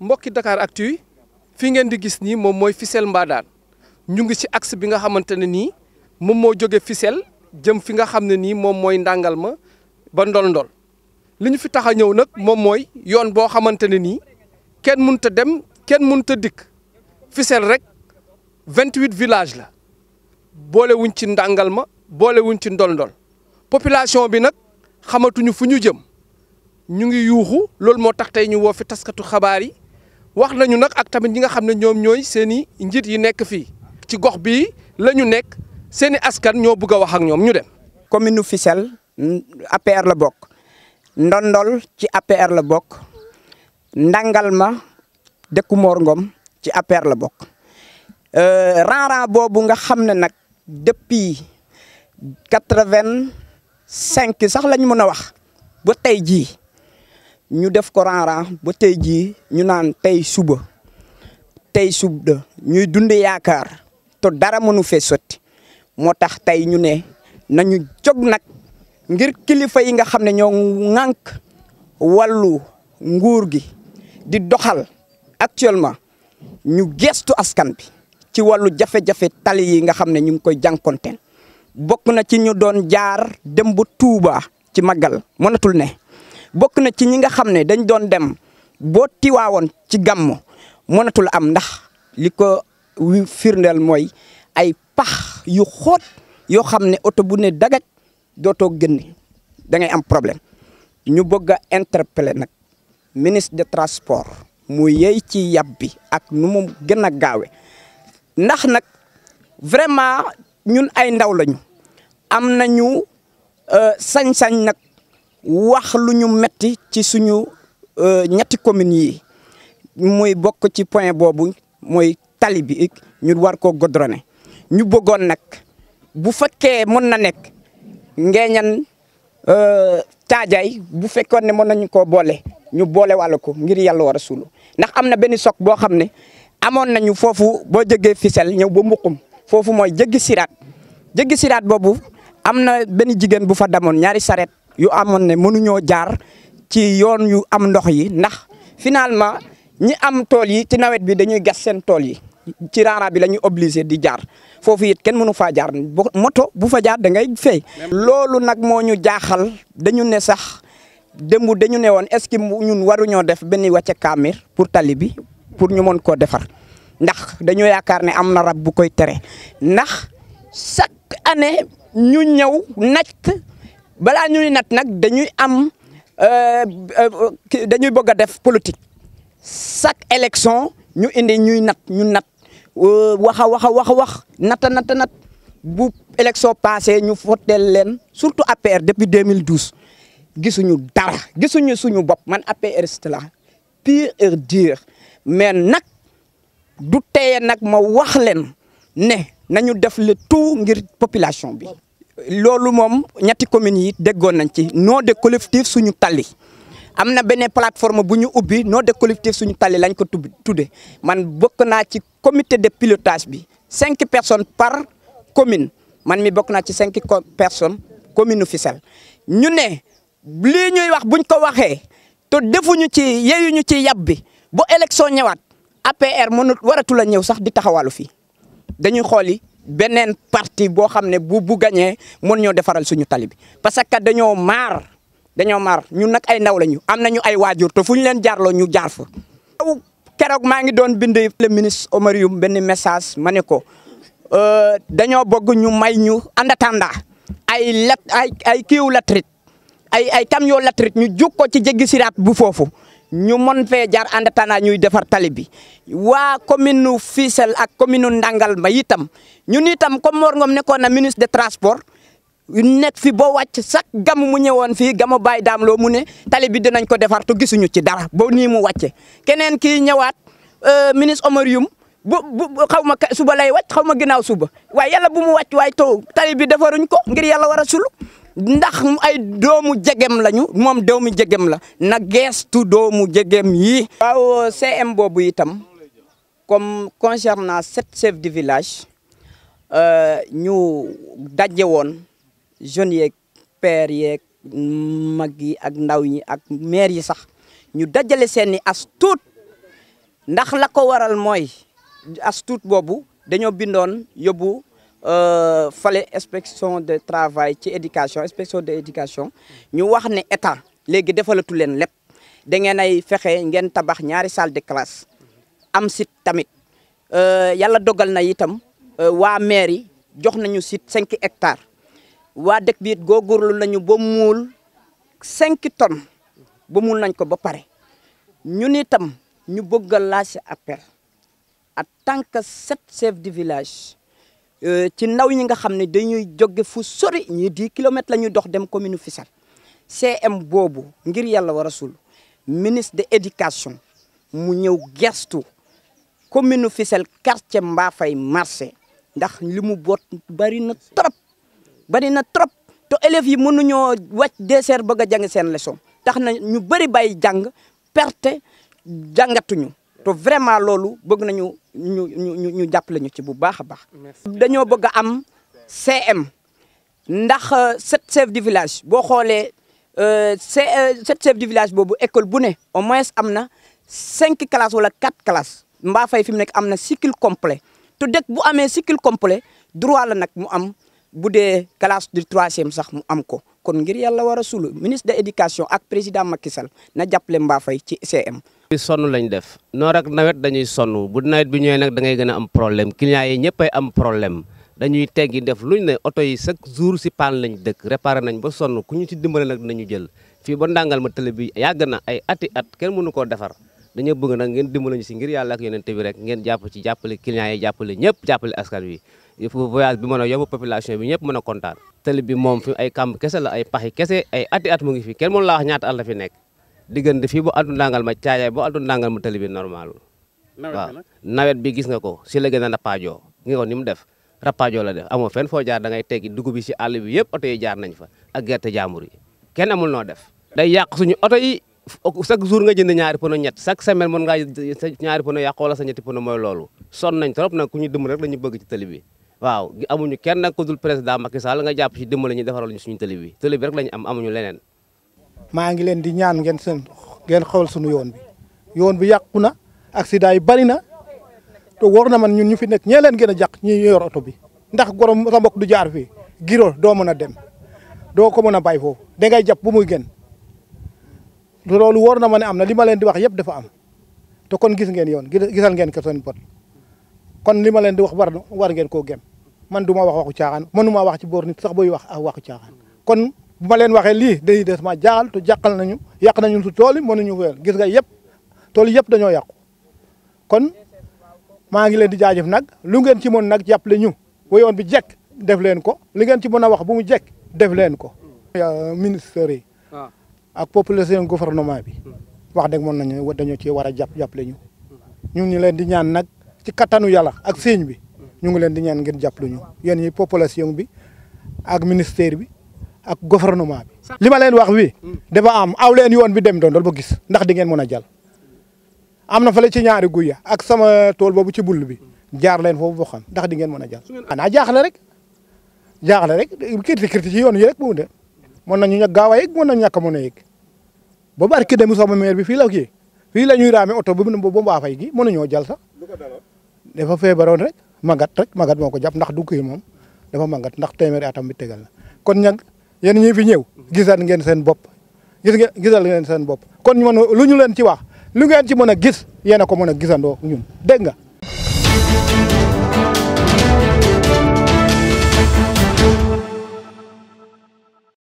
mbokki Dakar Actu fi ngeen di gis ni mom moy Fissel Mbadane ñu ngi ci axe bi nga xamantene ni mom mo joge jóge jëm fi nga xamne ni mom moy ndangal ma ba ndol-ndol fi taxa ñew nak mom moy yoon bo xamantene ni kenn muñta dem kenn muñta dik rek 28 village la wuñ ci ndangal ma wuñ ci ndol-ndol population bi nag xamatuñu fu ñu jëm ñu ngi yuuxu loolu moo tax tey ñu woo fi taskatu xabaar yi wax nañu nag ak tamit ñi nga xam ne ñoom ñooy seen i njiit yi nekk fii ci gox bi la ñu nekk seen i askan ñoo bëgg a wax ak ñoom ñu dem. commune Fissel APR la bokk Ndondol ci APR la bokk Ndangalma dëkku Mor ngoom ci APR la bokk euh, ran-ran boobu nga xam ne nag depuis quatre-vingt cinq sax lañu mën a wax ba tey jii ñu def ko ran ba tey jii ñu naan tey suba tey subda ñuy dund yaakaar te dara mënu fee sotti moo tax tey ñu ne nañu jog nag ngir kilifa yi nga xam ne ñoo ŋànk wàllu nguur gi di doxal actuellement ñu geestu askan bi ci wàllu jafe-jafe tali yi nga xam ne ñu ngi koy jànkonteel bokk na ci ñu doon jaar dem bu tuuba ci màggal mënatul ne bokk na ci ñi nga xam ne dañ doon dem boo tiwaawoon ci gàmm mënatul am ndax li ko firndeel mooy ay pax yu xóot yoo xam ne oto bu ne dagaj dootoo génn da ngay am problème ñu bëgg a interpeller nag ministre de transport mu yey ci yab bi ak nu mu gën a gaawe ndax nag vraiment ñun ay ndaw lañu am na nañu euh, sañ-sañ nag wax lu ñu metti ci suñu euh, ñetti communes yi muy bokk ci point boobu mooy tali bi ñu war koo godroné ñu bëggoon nag bu fekkee mën na nekk ngeeñan euh, caajaay bu fekkoon ne mën nañu ko boole ñu boole wàll ko ngir yàlla war a ndax am na benn soog boo xam ne amoon nañu foofu boo jegee ficelle ñëw ba mbuqum foofu mooy jéggi siraat jéggi siraat boobu am na jigen bu fa damone ñaari saret yu amone ne ñoo jaar ci yoon yu am ndox yi ndax finalement ñi am tol, yi ci nawet bi dañuy gas sen tol yi ci rara bi lañuy obligé di jaar fofu yit kenn mënu fa jaar moto bu fa jaar da ngay fey lolu nag moñu jaaxal dañu ne sax dembu dañu ne est-ce que ñun ñoo def ben wacce kamer pour talibi bi pour ñu mon ko defar ndax dañu yaakaar ne am na rab bu koy tere ndax chaque année. ñu ñëw natt balaa ñuy natt nag dañuy am euh, euh, dañuy bëgg a def politique chaque élection ñu indi ñuy nat ñu nat euh, wax a wax wax wax nata nata nat bu élection passé ñu fotteel leen surtout APR depuis 2012 gisuñu dara gisuñu suñu bopp man APRiste la pire et dire mais nag du teye nag ma wax leen ne nañu def le tout ngir population bi. loolu moom ñetti communes yi déggoon nañ ci nom de collectif suñu talli am na benn plateforme bu ñu ubbi nom de collectif suñu tali lañ ko tudde man bokk naa ci comité de pilotage bi cinq personnes par commune man mi bokk naa ci cinq personnes commune Fissel ñu ne lii wax buñ ko waxee te defuñu ci yeyuñu ci yàb bi bu élection ñëwaat APR mënut waratu la ñëw sax di taxawalu fii dañuy xool yi beneen parti boo xam ne bu bu gañee mën ñoo defaral suñu tali bi parce que dañoo maar dañoo maar ñun nag ay ndaw lañu am nañu ay waajur te fu ñu leen jaarloo ñu jaar fa. keroog maa ngi doon bind le ministre Oumar Youm benn message ma ne ko euh, dañoo bëgg ñu may ñu en attendant ay lat ay ay latrit ay ay camion latrit ñu juk ko ci jéggi siraat bu foofu. ñu mën fee jaar ànd tana ñuy defar tali bi waa commune nu Fissel ak commune nu ma itam ñun itam comme Mor Ngom nekkoon na ministre de transports nekk fi boo wàcc sax gam mu ñëwoon fii gamu Baye daam loo mu ne tali bi dinañ ko defar te gisuñu ci dara boo nii mu wàcce keneen kii ñëwaat euh, ministre Omar Youm bu bu xaw ma suba lay wàcc xaw ma ginnaaw suba waaye yàlla bu mu wàcc waaye taw tali bi ko ngir yàlla war a sulu ndax ay doomu jegem lañu moom doomu jegem la na geestu doomu jegem yi. waaw CM boobu itam comme concernant sept chefs de village euh, ñu daje woon jeunes yeeg pères yeeg mag yi ak ndaw ñi ak maire yi sax ñu dajale seeni i as tuut ndax la ko waral mooy as tuut boobu dañoo bindoon yobu Euh, fale inspection de travail ci éducation inspection de éducation ñu wax ne état léegi defalatu leen lépp da ngeen ay fexe ngeen tabax ñaari salle de classe am site tamit euh, yàlla dogal na itam euh, waa maire yi jox nañu site cinq hectare waa dëkk bi it góorgóorlu nañu ba muul cinq tonnes ba muul nañ ko ba pare ñun itam ñu bëgg a laaj appel en tant que sept chefs de village Euh, ci ndaw ñi nga xam ne dañuy jóge fu sori ñii di kilomètres la ñuy dox dem commune Fissel CM boobu ngir yàlla wa rasul ministre de éducation mu ñëw gestu commune Fissel quartier Mbafay marché ndax li mu boot bari na trop bari na trop te élèves yi mënuñoo wàcc dessert bëgg a jang seen leçon tax na ñu bëri bàyyi jàng perte jàngatuñu te vraiment loolu bëgg nañu ñu ñu ñu jàppale ñu ci bu baax a baax. dañoo bëgg a am CM ndax euh, sept chefs de village boo xoolee euh, euh, sept chefs de village boobu école bu ne au moins am na cinq classes wala quatre classes mbaa fay fi mu nekk am na cycle complet te dëkk bu amee cycle complet droit la nag mu am bu dee classe du sax mu am ko kon ngir yàlla war a sulu ministre de l'éducation ak président Macky Sall na jàppale mbaa ci CM. bi sonn lañ def noonu rek nawet dañuy sonn bu nawet bi ñëwee nag da ngay gën a am problème clients yi ñëpp ay am problème dañuy teggi def luñ ne oto yi chaque jour si paan lañ dëkk réparé nañ ba sonn ku ñu ci dimbale nag dinañu jël fii ba ndàngal ma télé bi yàgg na ay ati at kenn mënu koo defar dañoo bëgg nag ngeen dimbale ñu si ngir yàlla ak yonente bi rek ngeen jàpp ci jàppale clients yi jàppale ñëpp jàppale askan wi il faut voyage bi mën a yóbbu population bi ñëpp mën a kontaan télé bi moom fi ay kàmb kese la ay paxi kese ay at mu ngi fi kenn mënu laa wax ñaata at la fi nekk diggante fii bu addu ndàngal ma caajaay bu addu ndàngal ma tali bi normal nawet bi gis nga ko si la gën a rappaajoo nga ko ni mu def rappaajoo la def amoo fenn foo jaar da ngay teggi dugub bi si àll bi yëpp jaar nañ gerte jaambur yi kenn amul noo def day yàq suñu oto yi chaque jour nga jënd ñaari pono ñett chaque ñu dëmm ci tali bi waaw amuñu kenn nag ku dul président Macky Sall nga jàpp ci dimbali ñu defaral ñu suñu tali bi tali rek lañu amuñu leneen ma ngi len di ñaan ngeen seen ngeen xol suñu yoon bi yoon bi yakuna na accident yi bari na to war na man ñun ñu fi nek ñee leen gën ñi yor auto bi ndax gorom sa mbok du jaar fi giro do mëna dem do ko mëna bay fo da ngay japp bu muy gën loolu war na ma ne am na di wax yeb dafa am to kon gis ngeen yoon gisal ngeen ka seen bot kon lima len di wax war war ngeen ko gem man duma wax waxu chaan manuma wax ci bor nit sax boy wax ah waxu kon bu ma leen waxee lii dañuy des ma jaal te jàqal nañu yàq nañu su tool yi mënuñu wéer gis nga yëpp tool yëpp dañoo yàqu kon maa ngi leen di jaajëf nag lu ngeen ci mën nag jàppale ñu wayoon bi jekk def leen ko li ngeen ci mën wax bu mu jekk def leen ko. Ya, ministère yi. Ah. ak population gouvernement bi. wax dëgg mën nañu dañoo ci war a jàpp jàppale ñu. ñu ngi leen di ñaan nag ci kattanu yàlla ak sëñ bi ñu ngi leen di ñaan ngeen jàppale ñu yéen ñi population bi ak ministère bi ak gouvernement bi lima len wax wi dafa am aw len yoon bi dem don dool ba gis ndax di ngeen meuna jall amna fa ci ñaari guuy ya, ak sama tool bobu ci bull bi jaar len fofu bo xam ndax di ngeen meuna jall ana xanaa jaaxle rek jaaxle rek kirti kirti ci yoon yi rek bu de mon nañu ñak gaaway ak mon nañu ñak mo barki sama maire bi fi la ki fi lañuy ramé auto bu bu ba fay gi ñoo jall sax dafa feebaroon rek magat rek magat moko japp ndax du kii mom dafa magat ndax temer atam bi tegal kon ñak yéen ñi fi ñëw gisaat ngeen seen bopp gis ngeen gisal ngeen seen bopp kon ñu mën lu ñu leen ci wax lu ngeen ci mën a gis yéen a ko mën a gisandoo ñun dégg nga.